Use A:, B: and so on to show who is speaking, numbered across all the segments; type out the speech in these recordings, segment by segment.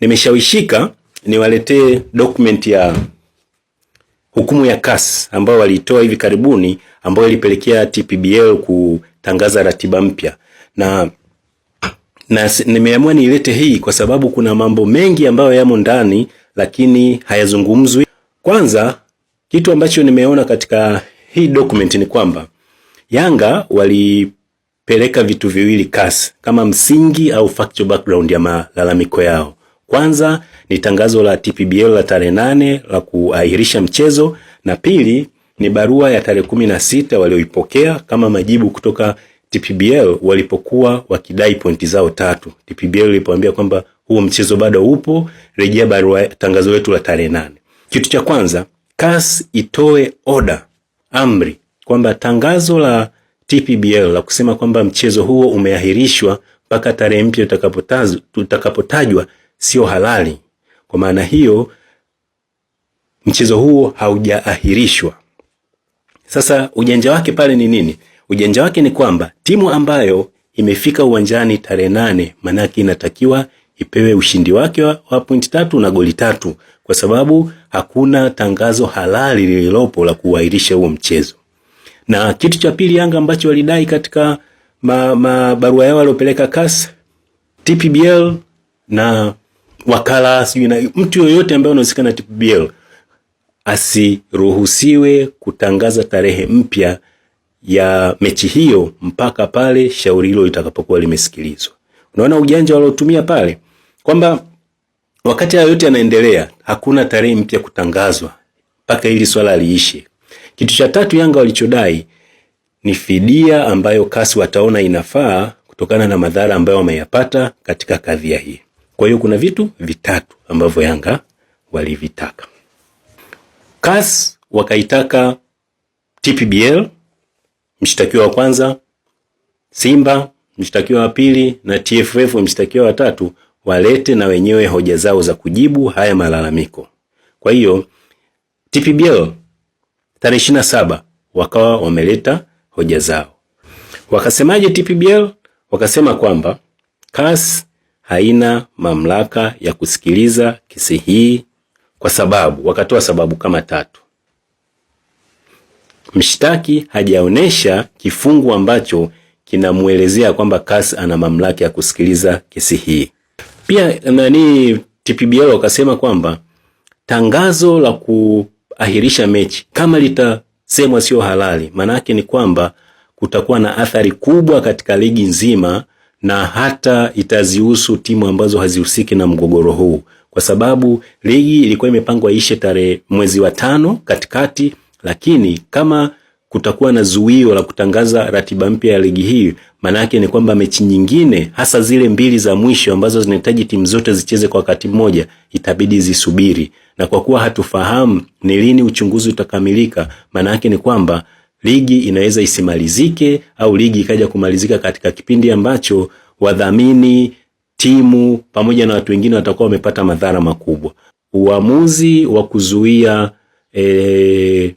A: Nimeshawishika niwaletee document ya hukumu ya kas ambayo waliitoa hivi karibuni, ambayo ilipelekea TPBL kutangaza ratiba mpya na na nimeamua niilete hii kwa sababu kuna mambo mengi ambayo yamo ndani lakini hayazungumzwi. Kwanza, kitu ambacho nimeona katika hii document ni kwamba Yanga walipeleka vitu viwili kas kama msingi au factual background ya malalamiko yao. Kwanza ni tangazo la TPBL la tarehe nane la kuahirisha mchezo, na pili ni barua ya tarehe kumi na sita walioipokea kama majibu kutoka TPBL walipokuwa wakidai pointi zao tatu. TPBL ilipoambia kwamba huo mchezo bado upo, rejea barua tangazo letu la tarehe nane. Kitu cha kwanza CAS itoe oda amri kwamba tangazo la TPBL la kusema kwamba mchezo huo umeahirishwa mpaka tarehe mpya tutakapotajwa sio halali. Kwa maana hiyo mchezo huo haujaahirishwa. Sasa ujanja wake pale ni nini? Ujanja wake ni kwamba timu ambayo imefika uwanjani tarehe nane manake inatakiwa ipewe ushindi wake wa pointi tatu na goli tatu, kwa sababu hakuna tangazo halali lililopo la kuahirisha huo mchezo. Na kitu cha pili Yanga ambacho walidai katika mabarua ma yao waliopeleka CAS, TPBL na wakala sijui na mtu yoyote ambaye anahusika na TPBL asiruhusiwe kutangaza tarehe mpya ya mechi hiyo mpaka pale shauri hilo litakapokuwa limesikilizwa. Unaona ujanja waliotumia pale kwamba wakati hayo yote yanaendelea, hakuna tarehe mpya kutangazwa mpaka hili swala liishe. Kitu cha tatu, Yanga walichodai ni fidia ambayo kasi wataona inafaa kutokana na madhara ambayo wameyapata katika kadhia hii. Kwa hiyo kuna vitu vitatu ambavyo Yanga walivitaka. CAS wakaitaka TPBL, mshtakiwa wa kwanza, Simba mshtakiwa wa pili, na TFF mshtakiwa wa tatu walete na wenyewe hoja zao za kujibu haya malalamiko. Kwa hiyo TPBL tarehe ishirini na saba wakawa wameleta hoja zao. Wakasemaje TPBL? Wakasema kwamba CAS haina mamlaka ya kusikiliza kesi hii kwa sababu, wakatoa sababu kama tatu. Mshtaki hajaonesha kifungu ambacho kinamwelezea kwamba CAS ana mamlaka ya kusikiliza kesi hii. Pia nani, TPBL wakasema kwamba tangazo la kuahirisha mechi kama litasemwa sio halali, maanake ni kwamba kutakuwa na athari kubwa katika ligi nzima na hata itazihusu timu ambazo hazihusiki na mgogoro huu, kwa sababu ligi ilikuwa imepangwa ishe tarehe mwezi wa tano katikati, lakini kama kutakuwa na zuio la kutangaza ratiba mpya ya ligi hii, maana yake ni kwamba mechi nyingine hasa zile mbili za mwisho ambazo zinahitaji timu zote zicheze kwa wakati mmoja itabidi zisubiri, na kwa kuwa hatufahamu ni lini uchunguzi utakamilika, maana yake ni kwamba ligi inaweza isimalizike au ligi ikaja kumalizika katika kipindi ambacho wadhamini, timu pamoja na watu wengine watakuwa wamepata madhara makubwa. Uamuzi wa kuzuia e,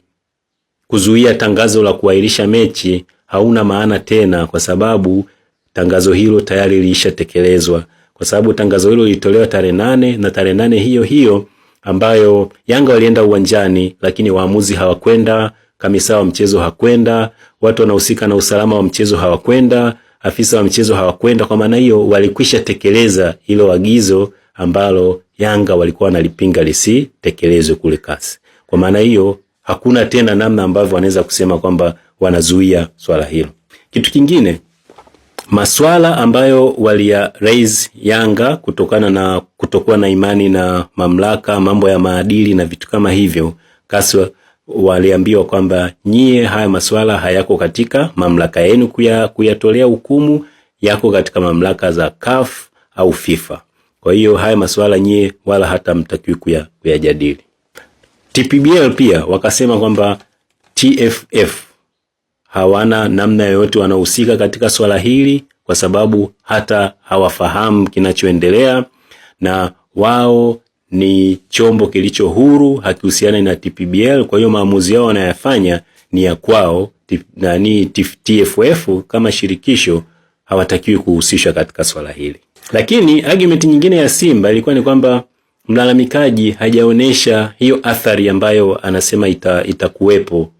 A: kuzuia tangazo la kuahirisha mechi hauna maana tena, kwa sababu tangazo hilo tayari lilishatekelezwa kwa sababu tangazo hilo lilitolewa tarehe nane na tarehe nane hiyo hiyo ambayo Yanga walienda uwanjani, lakini waamuzi hawakwenda Kamisa wa mchezo hakwenda, watu wanahusika na usalama wa mchezo hawakwenda, afisa wa mchezo hawakwenda. Kwa maana hiyo walikwisha tekeleza hilo agizo ambalo Yanga walikuwa wanalipinga lisitekelezwe kule kasi. Kwa maana hiyo hakuna tena namna ambavyo wanaweza kusema kwamba wanazuia swala hilo. Kitu kingine, maswala ambayo waliya raise Yanga kutokana na kutokuwa na imani na mamlaka, mambo ya maadili na vitu kama hivyo, kasi waliambiwa kwamba nyie, haya masuala hayako katika mamlaka yenu kuyatolea hukumu, yako katika mamlaka za CAF au FIFA. Kwa hiyo haya masuala nyie wala hata mtakiwi kuyajadili. TPBL pia wakasema kwamba TFF hawana namna yoyote wanahusika katika swala hili, kwa sababu hata hawafahamu kinachoendelea na wao ni chombo kilicho huru, hakihusiani na TPBL. Kwa hiyo maamuzi yao wanayafanya ni ya kwao, nani TFF kama shirikisho hawatakiwi kuhusishwa katika swala hili. Lakini argument nyingine ya Simba ilikuwa ni kwamba mlalamikaji hajaonyesha hiyo athari ambayo anasema ita, itakuwepo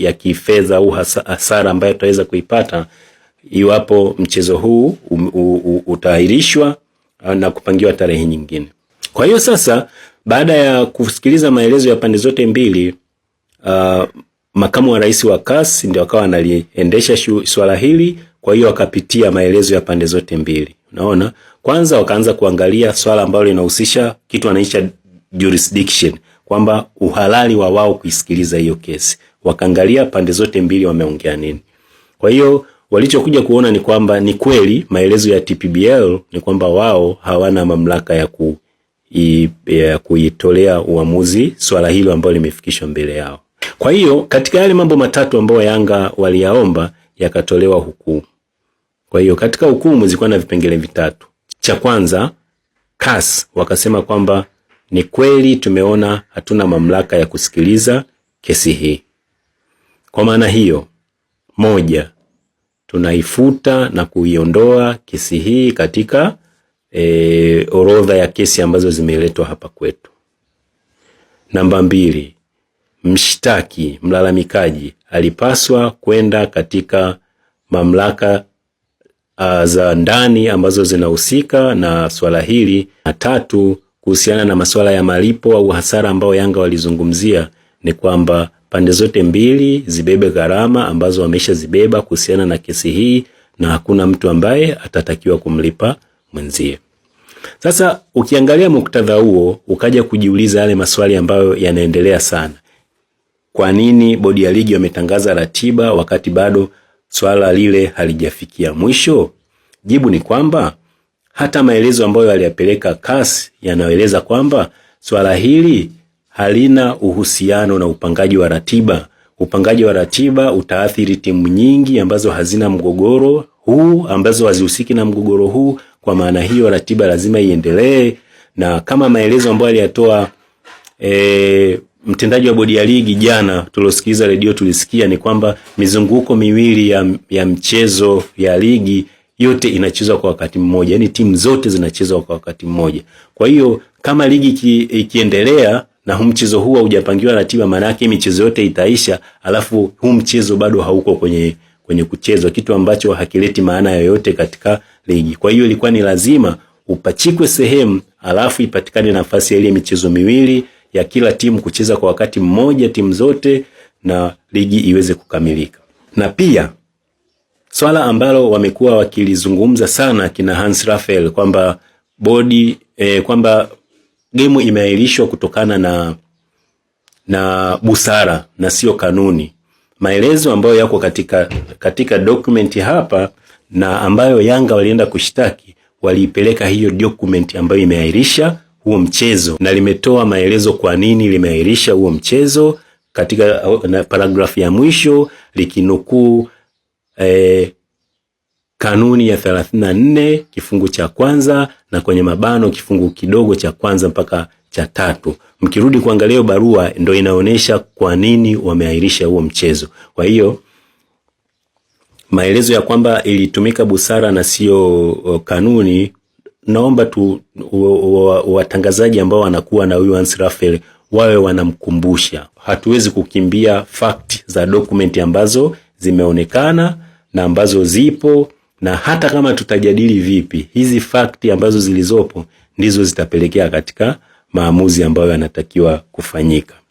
A: ya kifedha au hasara ambayo tutaweza kuipata iwapo mchezo huu utaahirishwa na kupangiwa tarehe nyingine. Kwa hiyo sasa, baada ya kusikiliza maelezo ya pande zote mbili, uh, makamu wa rais wa CAS ndio akawa analiendesha swala hili. Kwa hiyo wakapitia maelezo ya pande zote mbili, unaona. Kwanza wakaanza kuangalia swala ambalo linahusisha kitu anaisha jurisdiction, kwamba uhalali wa wao kuisikiliza hiyo kesi. Wakaangalia pande zote mbili wameongea nini. Kwa hiyo walichokuja kuona ni kwamba ni kweli maelezo ya TPBL ni kwamba wao hawana mamlaka ya ku kuitolea uamuzi swala hilo ambalo limefikishwa mbele yao. Kwa hiyo katika yale mambo matatu ambayo Yanga waliyaomba yakatolewa hukumu. Kwa hiyo katika hukumu zilikuwa na vipengele vitatu. Cha kwanza, CAS wakasema kwamba ni kweli tumeona hatuna mamlaka ya kusikiliza kesi hii. Kwa maana hiyo, moja, tunaifuta na kuiondoa kesi hii katika e, orodha ya kesi ambazo zimeletwa hapa kwetu. Namba mbili, mshtaki mlalamikaji alipaswa kwenda katika mamlaka uh, za ndani ambazo zinahusika na swala hili. Na tatu, kuhusiana na masuala ya malipo au hasara ambao Yanga walizungumzia ni kwamba pande zote mbili zibebe gharama ambazo wameshazibeba kuhusiana na kesi hii, na hakuna mtu ambaye atatakiwa kumlipa mwenzie. Sasa ukiangalia muktadha huo, ukaja kujiuliza yale maswali ambayo yanaendelea sana. Kwa nini bodi ya ligi wametangaza ratiba wakati bado swala lile halijafikia mwisho? Jibu ni kwamba hata maelezo ambayo aliyapeleka CAS yanaeleza kwamba swala hili halina uhusiano na upangaji wa ratiba. Upangaji wa ratiba utaathiri timu nyingi ambazo hazina mgogoro huu, ambazo hazihusiki na mgogoro huu kwa maana hiyo ratiba lazima iendelee, na kama maelezo ambayo aliyatoa e, mtendaji wa bodi ya ligi jana, tuliosikiliza redio tulisikia ni kwamba mizunguko miwili ya, ya mchezo ya ligi yote inachezwa kwa wakati mmoja, yani timu zote zinachezwa kwa wakati mmoja. Kwa hiyo kama ligi ikiendelea na huu mchezo huu haujapangiwa ratiba, maana yake michezo yote itaisha, alafu huu mchezo bado hauko kwenye kwenye kuchezwa, kitu ambacho hakileti maana yoyote katika ligi. Kwa hiyo ilikuwa ni lazima upachikwe sehemu, alafu ipatikane nafasi ya ile michezo miwili ya kila timu kucheza kwa wakati mmoja, timu zote, na ligi iweze kukamilika. Na pia swala ambalo wamekuwa wakilizungumza sana kina Hans Raphael kwamba bodi eh, kwamba gemu imeahirishwa kutokana na na busara na sio kanuni maelezo ambayo yako katika, katika dokumenti hapa na ambayo Yanga walienda kushtaki, waliipeleka hiyo dokumenti ambayo imeahirisha huo mchezo na limetoa maelezo kwa nini limeahirisha huo mchezo katika paragrafu ya mwisho likinukuu eh, kanuni ya 34 kifungu cha kwanza na kwenye mabano kifungu kidogo cha kwanza mpaka cha tatu. Mkirudi kuangalia barua ndo inaonyesha kwa nini wameahirisha huo mchezo. Kwa hiyo maelezo ya kwamba ilitumika busara na sio uh, kanuni, naomba tu watangazaji ambao wanakuwa na huyu Hans Raphael wawe wanamkumbusha. Hatuwezi kukimbia fact za dokumenti ambazo zimeonekana na ambazo zipo, na hata kama tutajadili vipi, hizi fact ambazo zilizopo ndizo zitapelekea katika maamuzi ambayo yanatakiwa kufanyika.